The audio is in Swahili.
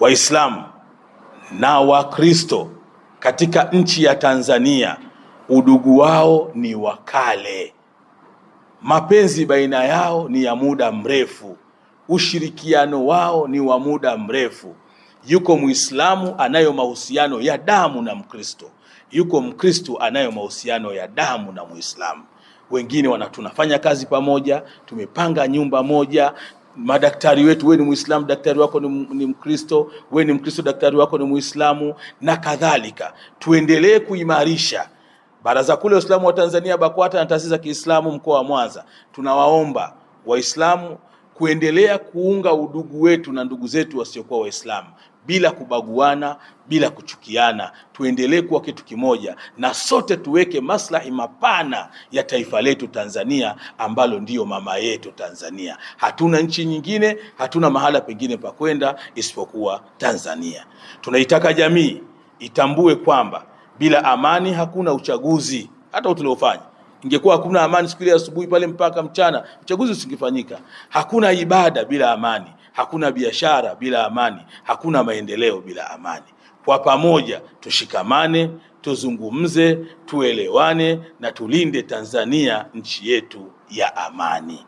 Waislamu na Wakristo katika nchi ya Tanzania udugu wao ni wa kale, mapenzi baina yao ni ya muda mrefu, ushirikiano wao ni wa muda mrefu. Yuko Muislamu anayo mahusiano ya damu na Mkristo, yuko Mkristo anayo mahusiano ya damu na Muislamu. Wengine wana tunafanya kazi pamoja, tumepanga nyumba moja, madaktari wetu, we ni Muislamu, daktari wako ni, ni Mkristo, we ni Mkristo, daktari wako ni Muislamu na kadhalika. Tuendelee kuimarisha Baraza kule Waislamu wa Tanzania, BAKWATA, na taasisi za Kiislamu mkoa wa Mwanza. Tunawaomba Waislamu kuendelea kuunga udugu wetu na ndugu zetu wasiokuwa Waislamu bila kubaguana, bila kuchukiana, tuendelee kuwa kitu kimoja, na sote tuweke maslahi mapana ya taifa letu Tanzania, ambalo ndiyo mama yetu Tanzania. Hatuna nchi nyingine, hatuna mahala pengine pa kwenda isipokuwa Tanzania. Tunaitaka jamii itambue kwamba bila amani hakuna uchaguzi hata tuliofanya ingekuwa hakuna amani siku ile asubuhi pale mpaka mchana, uchaguzi usingefanyika. Hakuna ibada bila amani, hakuna biashara bila amani, hakuna maendeleo bila amani. Kwa pamoja tushikamane, tuzungumze, tuelewane na tulinde Tanzania, nchi yetu ya amani.